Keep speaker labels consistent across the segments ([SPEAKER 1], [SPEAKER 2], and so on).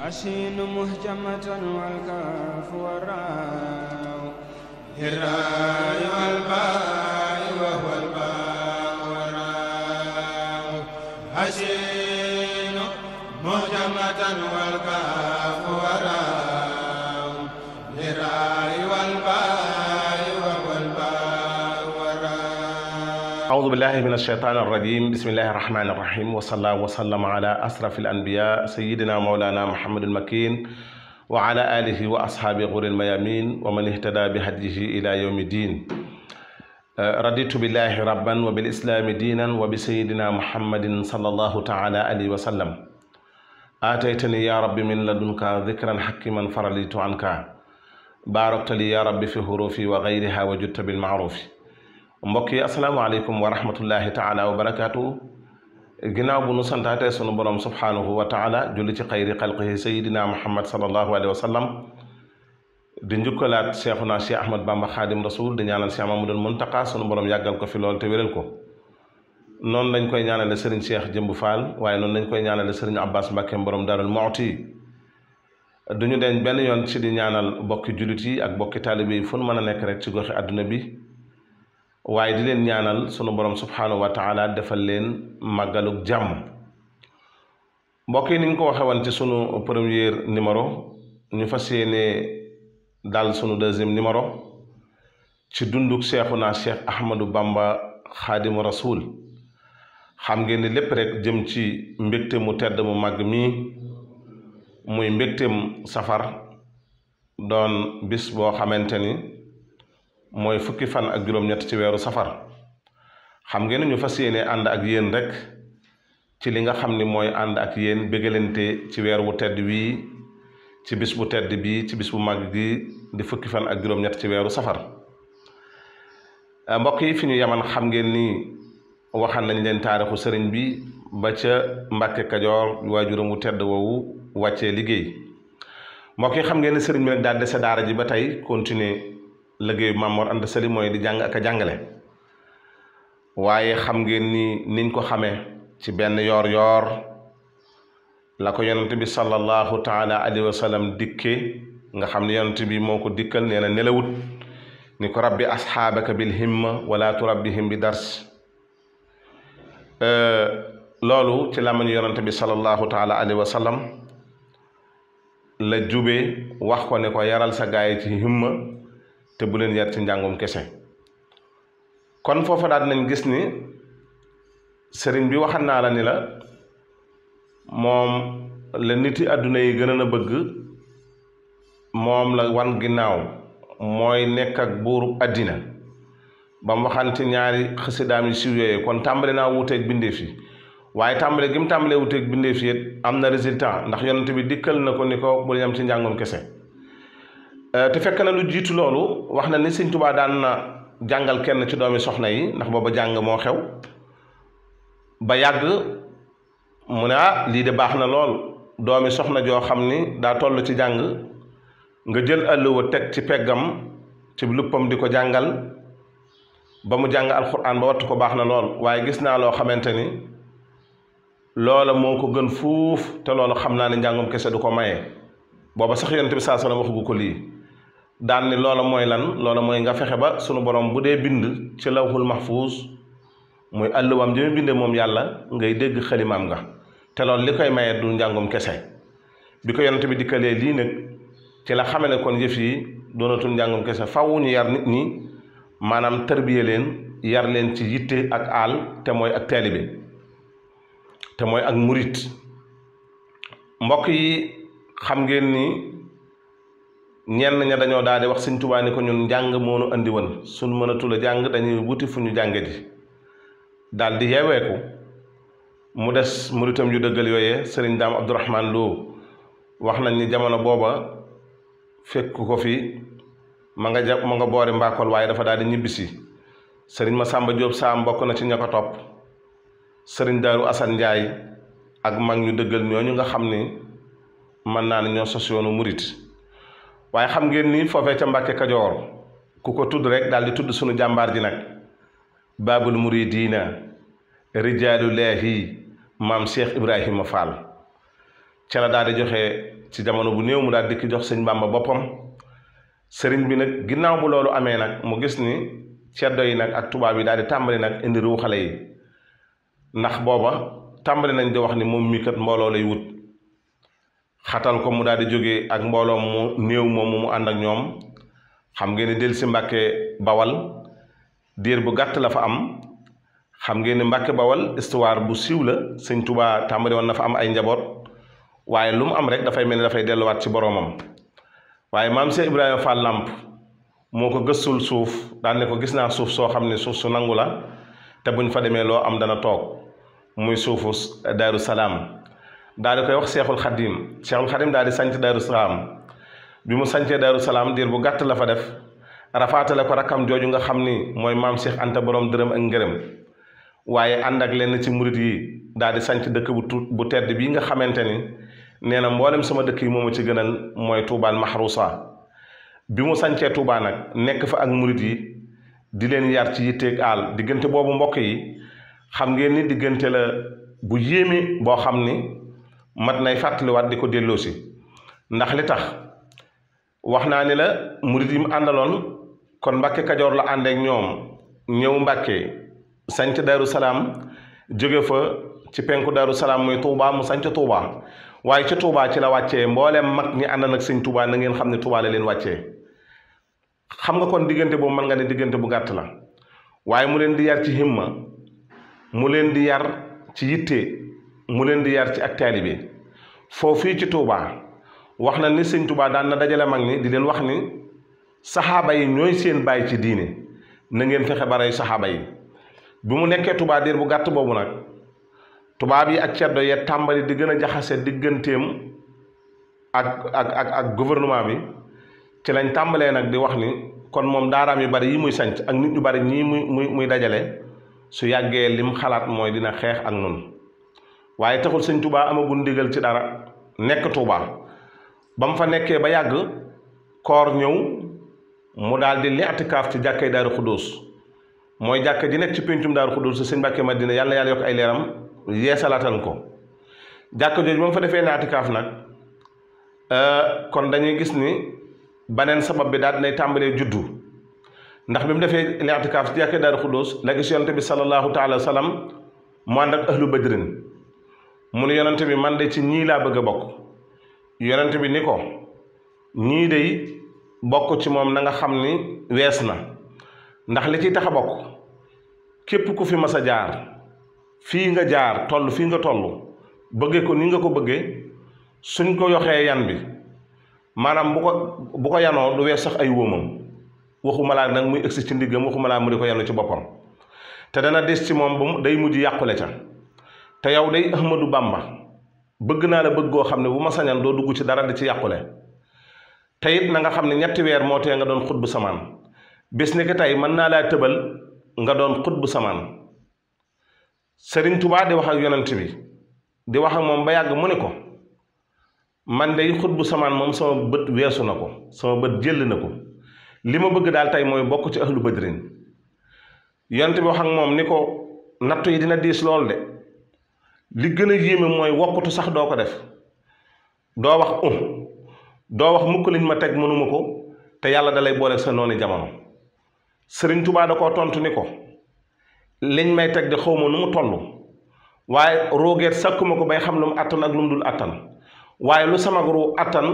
[SPEAKER 1] السين مهجمة والكاف والراء الراء والباء وهو الباء والراء السين مهجمة والكاف billahi min alsheytaan arrajim bismillahi arrahmani irrahim wasala wasalama ala asrafi alanbiya sayidina maolana mohamadul makin wa ala alihi wa ashaabi guril mayamin wa man ihtada bi hadihi ila yawmi din raditu billahi rabban wa bilislami diinan wa bi sayidina muhammadin sala allahu taala alayhi wa sallam aataytani ya rabbi min ladunka dikran hakiman faralitu anka baaraktali ya rabbi fi hurufi wa gayriha wa jutta bilmaarufi mbokk yi asalaamaaleykum wa rahmatullahi taala wa barakaatu ginnaaw bu nu santaatee sunu borom subhaanahu wa taala julli ci xayri xalqihi sayidina muhammad salallahu alayhi wa sallam di njukkalaat seexuna cheikh ahmad bamba xaadim rasul di ñaanal cheikh mamadul muntaqa sunu borom yàggal ko fi lool te wéral ko noonu lañ koy ñaanale sëriñ cheikh jëmb faal waaye noonu lañ koy ñaanale sëriñ abbas mbàkke borom daarul du ñu deñ benn yoon ci di ñaanal bokki jullit yi ak bokki taalibe yi fu nu mën a nekk rek ci goxi àdduna bi waaye di leen ñaanal sunu borom subhaanahu wa taala defal leen màggalug jàmm mbokk yi ni ñu ko waxee woon ci sunu premier numéro ñu fa yéene daal sunu deuxième numéro ci dunduk Seexuna Seex Ahmadu Bamba Xaadimu Rasuul xam ngeen ni lépp rek jëm ci mbégte mu tedd mu màgg mii muy mbégteem safar doon bis boo xamante ni mooy fukki fan ak juróom-ñett ci weeru safar xam ngeen ñu fas yéene ànd ak yéen rek ci li nga xam ni mooy ànd ak yéen bégalante ci weer wu tedd wii ci bis bu tedd bi ci bis bu màgg gi di fukki fan ak juróom-ñett ci weeru safar mbokk yi fi ñu yaman xam ngeen ni waxan nañ leen taarixu sëriñ bi ba ca Mbàkke Kajoor waajuram wu tedd woowu wàccee liggéey mbokk xam ngeen ni sëriñ bi nag daal dese daara ji ba tey continuer liggéeyu Maam Mor Anta Sali di jàng ak a jàngale waaye xam ngeen ni niñ ko xamee ci benn yoor-yoor la ko yonent bi sallallahu taala alayhi wa sallam dikkee nga xam ne yonent bi moo ko dikkal nee na nelawut ni ko rabbi asxaabaka bil himma wala turabbihim bi dars loolu ci làmmiñu yonent bi sallallahu taala alayhi wa sallam la jubee wax ko ne ko yaral sa gaay ci himma te bu leen yar ci njàngum kese kon foofa daal nañ gis ni sëriñ bi waxan naa la ni la moom la niti àdduna yi gën a na bëgg moom la wan ginnaaw mooy nekk ak buurub àddina ba mu ñaari xasidaam yi siw yooyu kon tàmbali naa wuuteeg bindeef yi waaye tàmbale gi mu tàmbalee wuuteeg bindeef yi am na résultat ndax yonent bi dikkal na ko ni ko bu leen am ci njàngum kese Euh, te fekk na lu jiitu loolu wax na ni sëñ Tuubaa daan na jàngal kenn ci doomi soxna yi ndax booba jàng moo xew ba yàgg mu ne ah lii de baax na lool doomi soxna joo xam ni daa toll ci jàng nga jël alluwa teg ci peggam ci luppam di ko jàngal ba mu jàng alxuraan ba wattu ko baax na lool waaye gis naa loo xamante ni loola moo ko gën fuuf te loolu xam naa ne njàngum kese du ko maye booba sax yonent bi saa salaam waxugu ko lii daan ni loola mooy lan loola mooy nga fexe ba sunu borom bu dee bind ci lawhul mahfuus muy àlluwaam ji mu bindee moom yàlla ngay dégg xalimaam nga te lool li koy maye du njàngum kese bi ko yonent bi dikkalee lii ci la xame ne yi doonatul njàngum kese faw yar nit ñi maanaam tarbiye leen yar leen ci yitte ak aal te mooy ak taalibe te mooy ak murit mbokk yi xam ngeen ni ñenn ña dañoo daal di wax sëñ Tuubaa ko ñun njàng moo nu andi woon suñ mënatul a jàng dañuy buti fu ñu jànge ji daal di yeeweeku mu des muritam yu dëggal yooyee sëriñ daam Abdourahman Lo wax nañ ni jamono booba fekk ko fi ma nga jàpp ma nga boori Mbakol waaye dafa daal di ñibbisi sëriñ ma sàmba Diop saa mbokk na ci ña ko topp sëriñ Daaru Assane Ndiaye ak mag ñu dëggal ñooñu nga xam ni mën naa ne ñoo sos yoonu murit waaye xam ngeen ni foofee ca Mbàkke Kajoor ku ko tudd rek daal di tudd suñu jàmbaar ji nag baabul muridiina rijaalullaahi maam Cheikh Ibrahima Fall ca la daal di joxe ci jamono bu néew mu daal di ki jox sëñ Bàmba boppam sëriñ bi nag ginnaaw bu loolu amee nag mu gis ni ceddo yi nag ak tubaab yi daal di tàmbali nag indi ruu xale yi ndax booba tàmbali nañ di wax ni moom mii kat mbooloo lay wut xatal ko mu daal di jóge ak mbooloo mu néew moom mu ànd ak ñoom xam ngeen ne del si mbàkke bawal diir bu gàtt la fa am xam ngeen ne mbàkke bawal histoire bu siiw la sëñ tubaa tàmbali woon na fa am ay njaboot waaye lu mu am rek dafay mel ni dafay delluwaat ci boroomam waaye maam Cheikh Ibrahima fa làmp moo ko gëstul suuf daane ko gis naa suuf soo xam ne suuf su nangu la te buñ fa demee loo am dana toog muy suufu Daaru Salaam daal di koy wax seexul xadim seexul xadim daal di sanc daaru salaam bi mu sancee daaru salaam diir bu gàtt la fa def rafaatale ko rakkam jooju nga xam ni mooy maam Cheikh Anta boroom dërëm ak ngërëm waaye ànd ak lenn ci murit yi daal di sanc dëkk bu tuut bu tedd bii nga xamante ni nee na mboolem sama dëkk yi mooma ci gënal mooy tuubaan maxruusa bi mu sancee tuubaa nag nekk fa ak murit yi di leen yar ci yitteeg àll diggante boobu mbokk yi xam ngeen ni diggante la bu yéeme boo xam ni mat nay fàttaliwaat di ko delloosi ndax li tax wax naa ni la murit yi mu àndaloon kon Mbàkke Kajoor la ànd ñoom ñëw Mbàkke sanc Daaru Salaam jóge fa ci penku Daaru Salaam muy Touba mu sanc Touba waaye ci Touba ci la wàccee mbooleem mag ñi ànd ak sëñ Touba na ngeen xam ne Touba la leen wàcce xam nga kon diggante boo mën nga ne diggante bu gàtt la waaye mu leen di yar ci himma mu leen di yar ci yitte mu leen di yar ci ak taalibe foofu fii ci Touba wax na ni sëñ Touba daan na dajale mag ni di leen wax ni saxaaba yi ñooy seen baay ci diine na ngeen fexe ba rey saxaaba yi bi mu nekkee Touba diir bu gàtt boobu nag tubaab yi ak ceddo ya tàmbali di gën a jaxase digganteem ak ak ak ak gouvernement bi ci lañ tàmbalee nag di wax ni kon moom daaraam yu bari yi muy sanc ak nit ñu bari ñii muy muy muy dajale su yàggee lim xalaat mooy dina xeex ak nun waaye taxul sëñ Touba amagul ndigal ci dara nekk Touba ba mu fa nekkee ba yàgg koor ñëw mu daal di li'tikaaf ci jàkkay Daaru Xuddoos mooy jàkk ji nekk ci péncum Daaru Xuddoos sëñ Mbàkke Madina yàlla yàlla yokk ay leeram yeesalaatal ko jàkk jooju ba mu fa defee li'tikaaf nag euh, kon dañuy gis ni baneen sabab bi daal dinay tàmbalee juddu ndax bi mu defee li'tikaaf ci jàkkay Daaru Xuddoos la gis yonent bi sallallahu taala wa sallam mu ànd ak mu ne yonent bi man de ci ñii laa bëgg bokk yonent bi ni ko ñii de bokk ci moom na nga xam ni wees na ndax li ciy tax a bokk képp ku fi mas a jaar fii nga jaar toll fii nga toll bëggee ko ni nga ko bëggee suñ ko yoxee yan bi maanaam bu ko bu ko yanoo du wees sax ay wóomam waxuma laa nag muy egsi ci ndiggam waxuma laa mu di ko yanu ci boppam te dana des ci moom ba mu day mujj yàqule ca te yow day Ahmadou Bamba bëgg naa la bëgg goo xam ne bu ma sañan doo dugg ci dara di ci yàqule te na nga xam ne ñetti weer moo tee nga doon xut bu samaan bés ni ki tey mën naa laa tëbal nga doon xut bu samaan Sëriñ Tubaa di wax ak yonent bi di wax ak moom ba yàgg mu ne ko man day xut bu samaan moom sama bët weesu na ko sama bët jëll na ko li ma bëgg daal tey mooy bokk ci ahlu badrin yonent bi wax ak moom ni ko nattu yi dina diis lool de li gën a yéeme mooy wopputu sax doo ko def doo wax um doo wax mukk liñ ma teg mënuma ko te yàlla dalay boole sa noonu jamono sëriñ tubaa da koo tontu ni ko liñ may teg de xawma nu mu toll waaye roogeet sàkkuma ko bay xam lu mu àttan ak lu mu dul àttan waaye lu sama ru àttan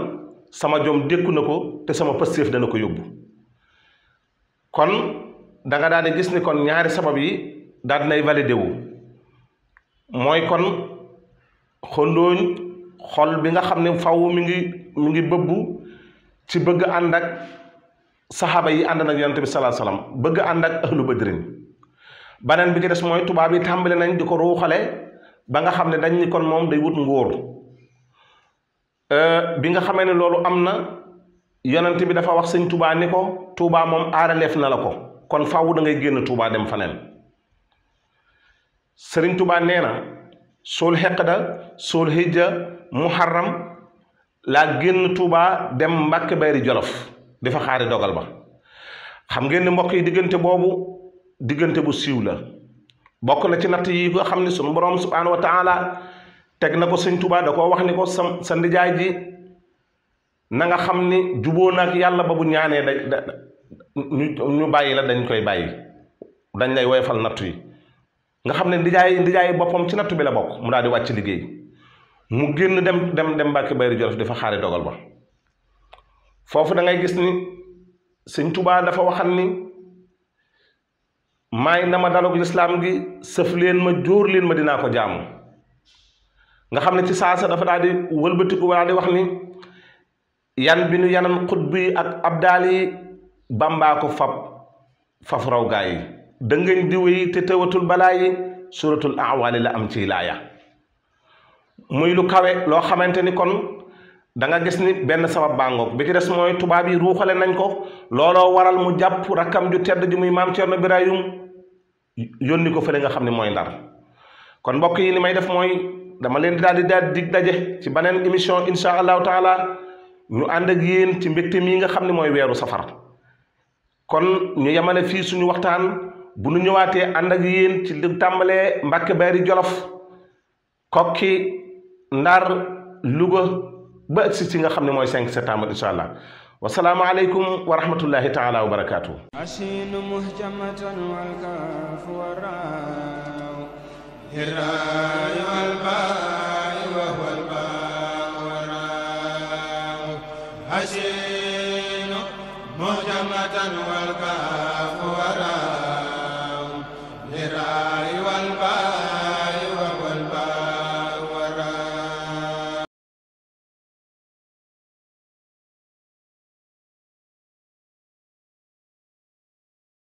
[SPEAKER 1] sama jom dékku na ko te sama pëstéef dana ko yóbbu kon danga daal di gis ni kon ñaari sabab yi daal dinay validé wu mooy kon xondooñ xol bi nga xam ne faw mi ngi mu ngi bëbbu ci bëgg ànd ak saxaaba yi ànd ak yonent bi sallallahu alayhi wasallam bëgg ànd ak ahlu badrin beneen bi ci mooy tubaab yi tàmbali nañ di ko ruuxale ba nga xam ne dañ ni kon moom day wut ngóor euh, bi nga xamee ne loolu am na yonent bi dafa wax sëñ tubaa ni ko tubaa moom aaraleef na la ko kon faaw da ngay génn tuubaa dem faneen sëriñ tubaa nee na suul xeqda suul hijja muharram laa génn tubaa dem mbakk bayri jolof di fa xaari dogal ba xam ngeen ni mbokk yi diggante boobu diggante bu siiw la bokk na ci natt yi nga xam ne suñu borom subhaanahu wa teg na ko siñ tubaa da koo wax ni ko sa sa ndijaay ji nanga xam ni juboo nag yàlla ba bu ñaanee da ñu bàyyi la dañ koy bàyyi dañ lay woyfal nattu yi nga xam ne ndijaay ndijaay boppam ci nattu bi la bokk mu daal di wàcc liggéey mu génn dem dem dem Mbàkke Bari Jolof dafa xaari dogal ba foofu dangay gis ni Sëñ tubaa dafa waxal ni maay na ma dalog lislaam gi sëf leen ma jóor leen ma dinaa ko jaamu nga xam ne ci saasa dafa daal di wëlbatiku daal di wax ni yan bi nu yanan xut bi ak abdaal yi bàmbaa ko fab raw gaa yi dëngañ diw yi te tëwatul balaay suratul awaali la am ci laaya muy lu kawe loo xamante ni kon danga gis ni benn sabab bàngoog bi ci des mooy tubaab yi ruuxale nañ ko looloo waral mu jàpp rakkam ju tedd ju muy maam Cerno Birahim yónni ko fële nga xam ne mooy ndar kon mbokk yi li may def mooy dama leen di daal di dig daje ci beneen émission insha allahu taala ñu ànd ak yéen ci mbégte mii nga xam ne mooy weeru safar kon ñu yemale fii suñu waxtaan bu nu ñëwaatee ànd ak yéen ci li tàmbalee Mbàkke Bari Jolof Kokki Ndar Louga ba agsi ci nga xam ne mooy 5 septembre incha allah wasalaamu aleykum wa rahmatullahi taala wa barakaatu